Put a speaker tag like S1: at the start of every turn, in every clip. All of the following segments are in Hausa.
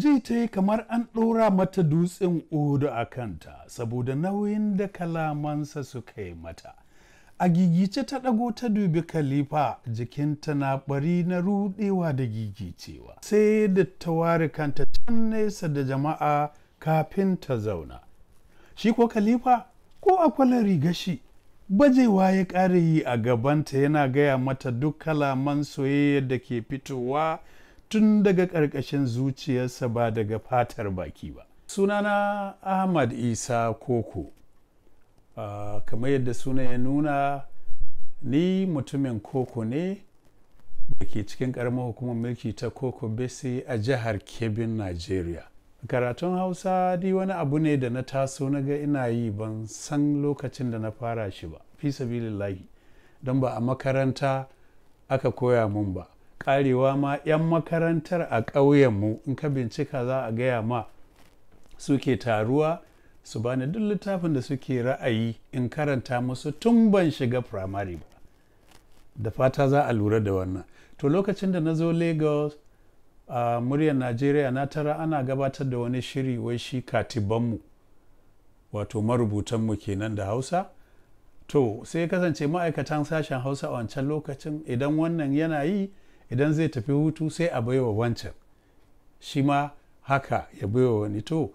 S1: ji ta yi kamar an ɗora mata dutsen odo a kanta saboda nauyin da kalamansa suka yi mata a gigice ta ɗago ta dubi khalifa jikinta na ɓari na ruɗewa da gigicewa sai da ta ware kanta can nesa da jama'a kafin ta zauna shi ko kalifa ko a rigashi riga bajewa ya ƙara yi a gabanta yana gaya mata duk kalaman soyayyar da ke fitowa tun daga ƙarƙashin zuciyarsa ba daga fatar baki ba sunana ahmad isa koko uh, kamar yadda suna ya nuna ni mutumin koko ne da ke cikin karamar hukumar mulki ta koko bese a jihar kebin najeriya karatun hausa dai wani abu ne da na taso na ga ina yi ban san lokacin da na fara shi ba fi sabilillahi don ba a makaranta aka koya mun ba karewa ma 'yan makarantar a ƙauyenmu in ka bincika za a gaya ma suke taruwa su bani duk littafin da suke ra'ayi in karanta musu tun ban shiga firamare ba da fata za a lura da wannan to lokacin da na zo lagos a muryar najeriya na tara ana gabatar da wani shiri wai shi katibanmu wato marubutanmu kenan da hausa to sai kasance ma'aikatan sashen hausa a wancan lokacin idan wannan yana yi idan zai tafi hutu sai a baiwa wancan shi ma haka ya baiwa wani to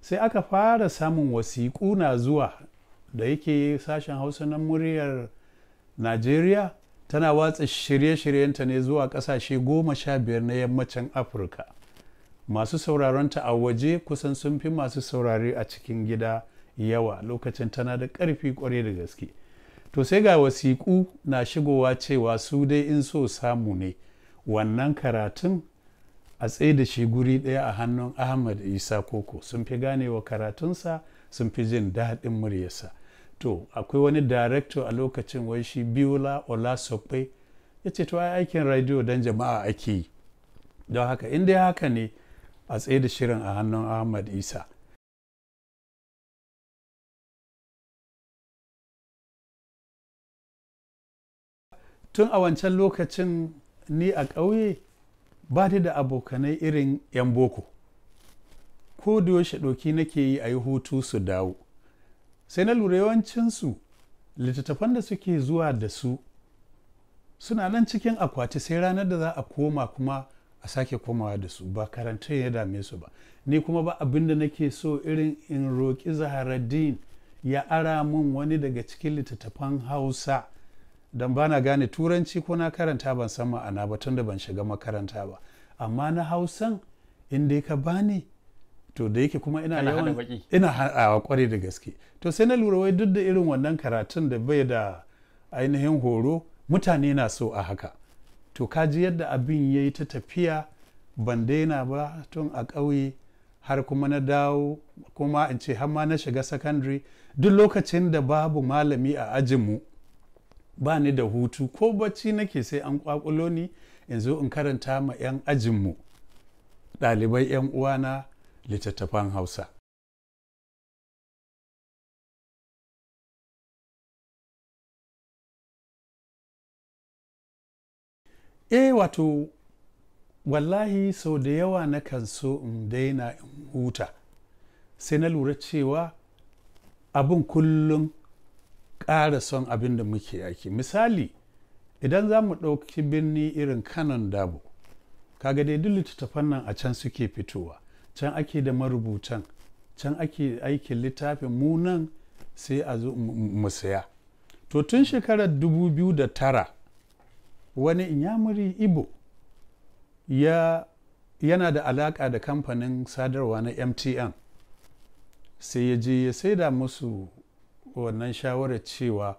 S1: sai aka fara samun wasiƙu na zuwa da yake sashen hausa na muryar najeriya tana watsa shirye-shiryenta ne zuwa ƙasashe goma sha biyar na yammacin afirka masu sauraron ta a waje kusan sun fi masu saurari a cikin gida yawa lokacin tana da ƙarfi ƙwarai da gaske to sai ga wasiƙu na shigowa cewa su dai in so samu ne wannan karatun a tsaye da shi guri ɗaya a hannun ahmad isa koko sun fi ganewa karatunsa sun fi jin daɗin muryarsa to akwai wani director a lokacin wai shi biola olasokpe ya ce to ai aikin radio don jama'a ake yi don haka in dai haka ne a tsaye da shirin a hannun ahmad isa tun a wancan lokacin ni a ƙauye ba da abokanai irin 'yan boko ko da yaushe ɗoki nake yi a yi hutu su dawo sai na lura yawancinsu littattafan da suke zuwa da su suna nan cikin akwati sai ranar da za a koma kuma a sake komawa da su ba karanta ya dame su ba ni kuma ba abin da nake so irin in roƙi zaharaddin ya ara mun wani daga cikin littattafan hausa don ba na gane turanci ko na karanta ban san ma'ana ba tun da ban shiga makaranta ba amma na hausan inda ka bani to da yake kuma ina yawan ina haɗawa kwarai da gaske to sai na lura wai duk da irin wannan karatun da bai da ainihin horo mutane na so a haka to kaji yadda abin ya yi ta tafiya ban daina ba tun a ƙauye har kuma na dawo kuma in ce har ma na shiga secondary duk lokacin da babu malami a ajinmu ba ni da hutu ko bacci nake sai an kwakulo ni yanzu in karanta ma 'yan ajinmu ɗalibai 'yan uwana littattafan hausa e wato wallahi sau da yawa na kan so in daina in huta sai na lura cewa abin kullum ƙara son abin da muke aiki misali idan za mu ɗauki birni irin kanon dabo kaga dai duk littattafan nan a can suke fitowa can ake da marubutan can ake aikin littafin mu sai a zo mu saya to tun shekarar 2009 wani inyamuri ibo ya yana da alaƙa da kamfanin sadarwa na mtn sai ya je ya saida musu wannan shawarar cewa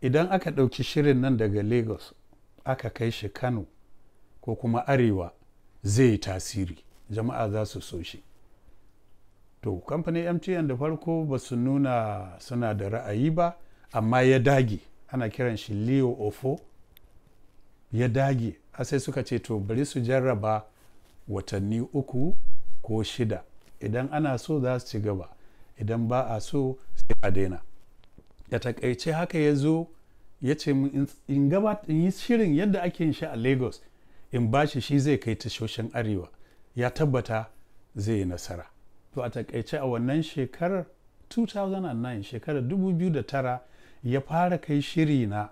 S1: idan aka ɗauki shirin nan daga lagos aka kai shi kano ko kuma arewa zai yi tasiri jama'a za su so shi to kamfanin mtn da farko ba su nuna suna da ra'ayi ba amma ya dage ana kiran shi leo ofo ya dage a sai suka ce to bari su jarraba watanni uku ko shida idan ana so za su ci gaba idan ba a so sai a daina ya takaice haka ya zo ya ce in yi shirin yadda ake yin shi a lagos in bashi shi zai kai tashoshin arewa ya tabbata zai yi nasara to a takaice a wannan shekarar 2009 shekarar 2009 ya fara kai shiri na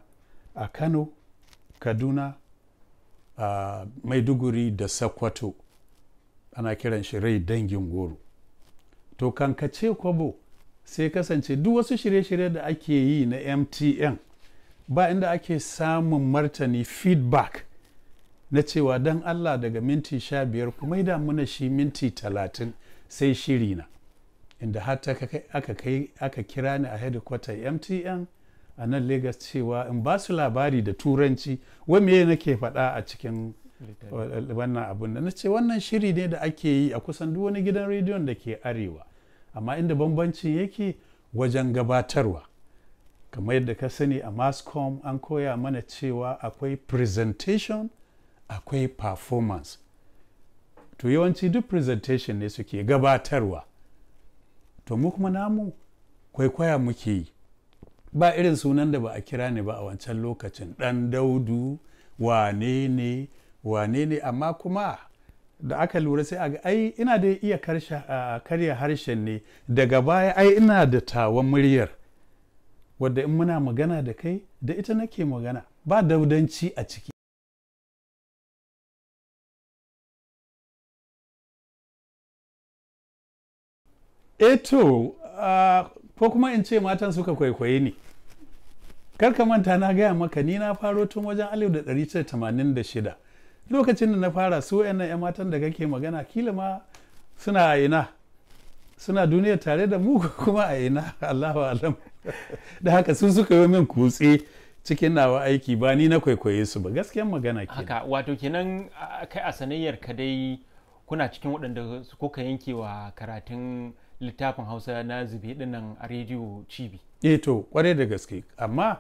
S1: a kano kaduna a maiduguri da sokoto ana kiran shi rai dangin goro to kankace kwabo sai kasance duk wasu shirye-shirye da ake yi na mtn ba inda ake samun martani feedback na cewa don allah daga minti sha biyar kuma yi muna shi minti talatin sai shiri na inda har aka kira ni a headquarter mtn a nan lagos cewa in ba su labari da turanci wai me nake faɗa a cikin wannan abun da na ce wannan shiri ne da ake yi a kusan duk wani gidan rediyon da ke arewa amma inda bambancin yake wajen gabatarwa kamar yadda ka sani a mascom an koya mana cewa akwai presentation akwai performance to yawanci duk presentation ne suke gabatarwa to mu kuma namu kwaikwaya muke yi ba irin sunan da ba a kira ne ba a wancan lokacin dan daudu wane ne wane ne amma kuma da aka lura sai a ga ai ina da iya karya harshen ne daga baya ai ina da tawan muryar wadda in muna magana da kai da ita nake magana ba daudanci a ciki eto eh ko kuma in ce matan suka kwaikwaye ni karka manta na gaya maka ni na faro tun wajen 1986 lokacin da na fara su wayannan ya matan da kake magana kila ma suna a ina suna duniya tare da mu kuma a ina Allahu alam da haka sun suka yi min kutse cikin nawa aiki ba ni na kwaikwaye su ba gaskiyan magana ke haka wato kenan kai a sanayyar ka dai kuna cikin waɗanda kuka yanke wa karatun littafin hausa na zube dinnan a rediyo cibi eh to kwarai da gaske amma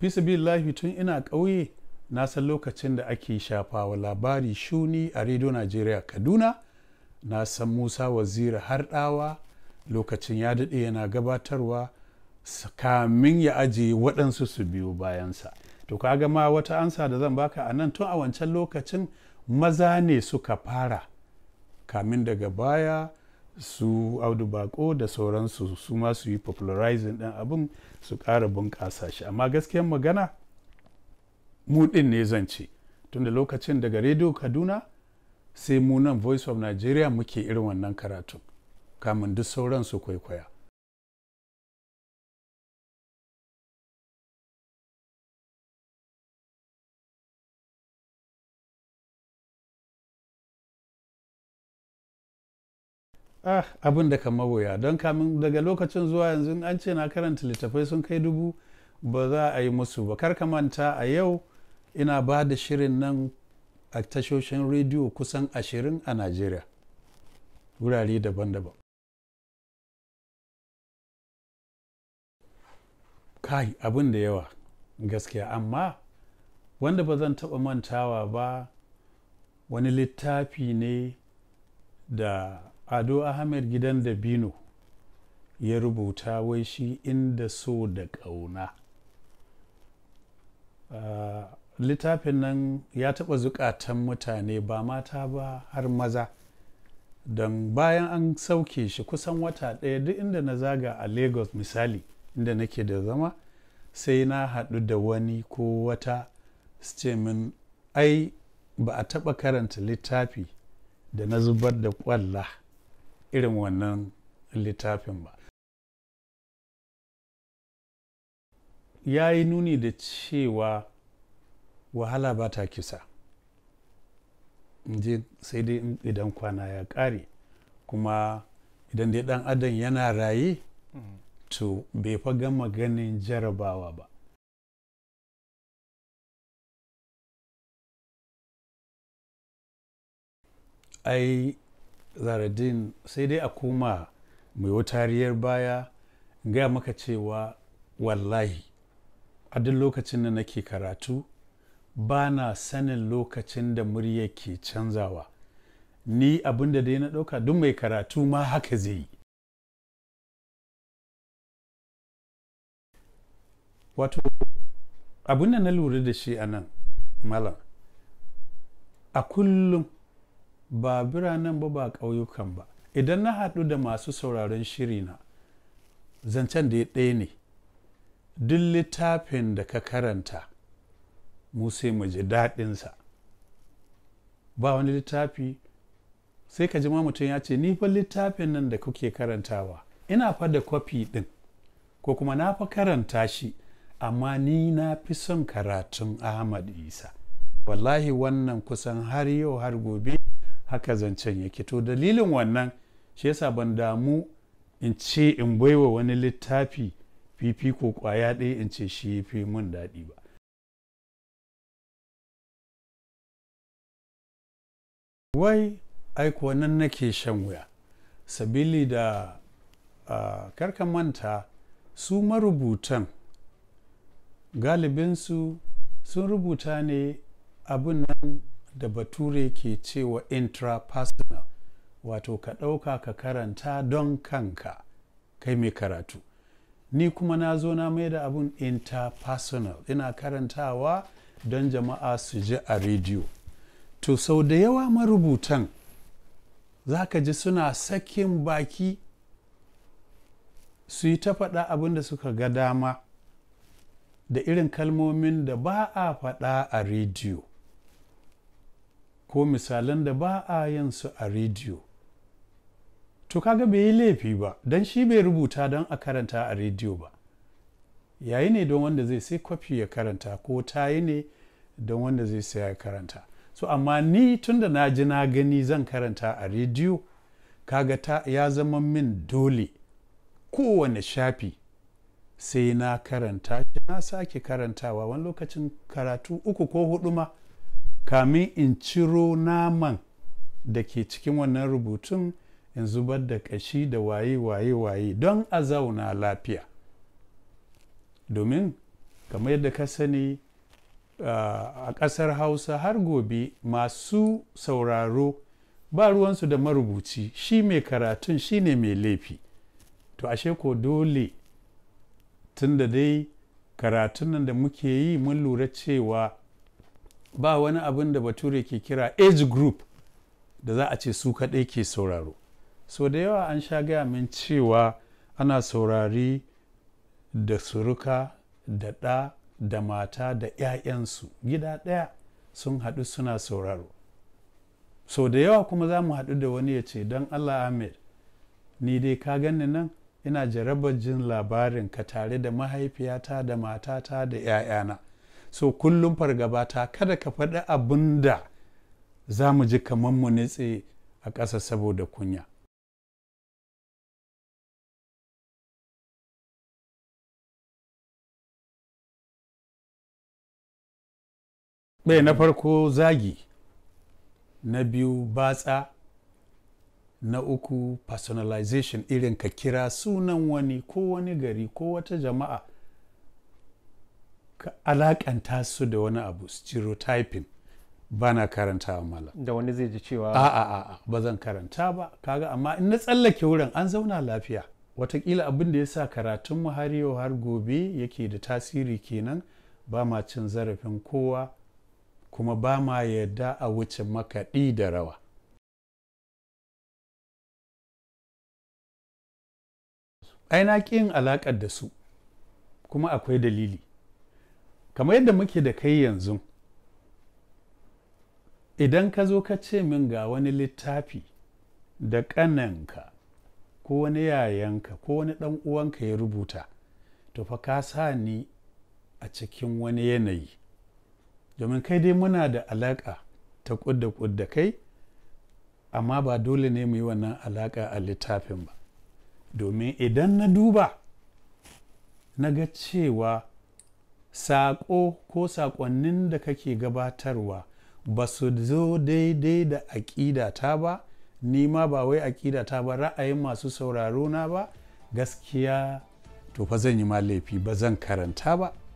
S1: bisa billahi tun ina ƙauye na san lokacin da ake shafawa labari shuni a rediyo najeriya kaduna na san musa waziri har ɗawa lokacin ya daɗe yana gabatarwa kamin ya ajiye waɗansu su biyu bayansa to kaga ma wata ansa da zan baka a nan tun a wancan lokacin maza ne suka fara kamin daga baya su audu bako da sauransu su ma su yi popularizing ɗin abin su ƙara bunƙasa shi amma gaskiyan magana mu ɗin ne zan ce tunda lokacin daga rediyo kaduna sai mu nan voice of nigeria muke irin wannan karatu kamun duk sauran su kwaikwaya ah abin da kama wuya don kamin daga lokacin zuwa yanzu an ce na karanta littafai sun kai dubu ba za a yi musu ba kar ka manta a yau ina ba da shirin nan a tashoshin rediyo kusan ashirin a najeriya wurare daban-daban kai abin da yawa gaskiya amma wanda ba zan taɓa mantawa ba wani littafi ne da ado ahmed gidan da bino ya rubuta wai shi inda so da ƙauna ah, littafin nan ya taɓa zukatan mutane ba mata ba har maza don bayan an sauke shi kusan wata ɗaya duk inda na zaga a lagos misali inda nake da zama sai na haɗu da wani ko wata su ai ba a taɓa karanta littafi da na zubar da ƙwalla irin wannan littafin ba ya yi nuni da cewa wahala ba ta kisa inje sai dai idan kwana ya ƙare kuma idan dai ɗan adam yana raye to bai fa gama ganin jarabawa ba ai zaradin sai dai a koma mai wutariyar baya gaya maka cewa wallahi a duk lokacin da nake karatu ba na sanin lokacin da murya ke canzawa ni abin da dai na ɗauka duk mai karatu ma haka zai yi wato abin da na lura da shi a nan malam a kullum ba biranen ba ba ƙauyukan ba idan na haɗu da masu sauraron shirina zancen da ya ɗaya ne duk littafin da ka karanta mu sai mu ji daɗinsa ba wani littafi sai ka ji mutum ya ce ni fa littafin nan da kuke karantawa ina fa da kwafi ɗin ko kuma na fa karanta shi amma ni na fi son karatun ahmad isa wallahi wannan kusan har yau har gobe haka zancen yake to dalilin wannan shi yasa ban damu in ce in baiwa wani littafi fifiko kwaya ɗaya in ce shi fi mun daɗi ba wai aiko nan nake shan wuya sabili da uh, karka manta su marubutan galibinsu sun rubuta ne abin nan da bature ke cewa intrapersonal wato ka ɗauka ka karanta don kanka kai mai karatu ni kuma na zo na mai da abin interpersonal ina karantawa don jama'a su ji a rediyo to sau da yawa marubutan za ka ji suna sakin baki su yi ta faɗa abin da suka ga dama da irin kalmomin da ba a faɗa a rediyo ko misalin da ba a yin su a rediyo to kaga bai yi laifi ba don shi bai rubuta don a karanta a rediyo ba yayi ne don wanda zai sai kwafi ya karanta ko tayi ne don wanda zai saya ya karanta so amma ni tunda na ji na gani zan karanta a rediyo kaga ta ya zama min dole kowane shafi sai na karanta na sake karantawa wani lokacin karatu uku ko hudu ma kamin in ciro naman da ke cikin wannan rubutun in zubar da kashi da waye waye waye don a zauna lafiya domin kamar yadda ka sani Uh, a ƙasar hausa har gobe masu sauraro ba ruwansu da marubuci shi mai karatun shi ne mai laifi to ashe ko dole tun da dai karatun nan da muke yi mun lura cewa ba wani abin da bature ke kira age group da za a ce su kaɗai ke sauraro so da yawa an sha gaya min cewa ana saurari da suruka da ɗa da mata da 'ya'yansu gida ɗaya sun haɗu suna sauraro so da yawa kuma za mu haɗu da wani ya ce don allah ahmed ni dai ka gani nan ina jarabar jin labarin ka tare da mahaifiyata da matata da 'ya'yana so kullum fargaba ta kada ka faɗi abin da za mu ji kamar mu nitse a ƙasa saboda kunya ɗaya na farko zagi na biyu batsa na uku personalization irin ka kira sunan wani ko wani gari ko wata jama'a ka alakanta su da wani abu stereotyping ba na karanta mala da wani zai ji cewa a a a ba zan karanta ba kaga amma in na tsallake wurin an zauna lafiya watakila abin da ya sa karatun mu har yau har gobe yake da tasiri kenan ba ma cin zarafin kowa kuma ba ma yadda a wuce makaɗi da rawa ai na yin alaƙar da su kuma akwai dalili kamar yadda muke da kai yanzu idan ka zo ka ce min ga wani littafi da ƙananka ko wani yayanka ko wani ɗan uwanka ya rubuta to fa ka sa ni a cikin wani yanayi domin kai dai muna da alaƙa ta ƙudda ƙudda kai amma ba dole ne mu yi wannan alaƙa a littafin ba domin idan na duba na ga cewa saƙo ko saƙonnin da kake gabatarwa ba su zo daidai da aƙidata ba ni ma ba wai aƙidata ba ra'ayin masu sauraro na ba gaskiya to fa zan yi ma laifi ba zan karanta ba